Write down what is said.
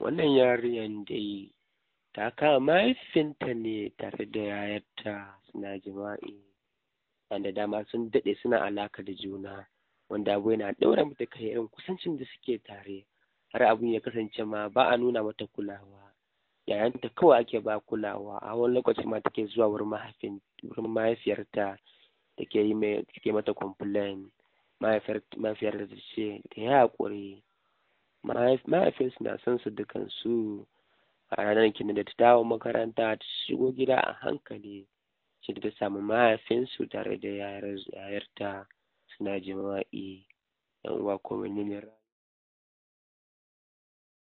wannan yarinyar dai ta kama mahaifinta ne tare da yayarta suna jima'i da dama sun daɗe suna alaka da juna wanda abu yana ɗaura mata kai irin kusancin da suke tare har abun ya kasance ma ba a nuna mata kulawa yayanta kawai ake ba kulawa a wani lokaci ma take zuwa wurin mahaifiyarta take yi mata complain mahaifiyarta ta ce ta yi haƙuri mahaifinsu na son su dukansu a ranar kin da ta dawo makaranta ta shigo gida a hankali shi ta samu mahaifinsu tare da yayarta suna jima'i yan uwa ko menene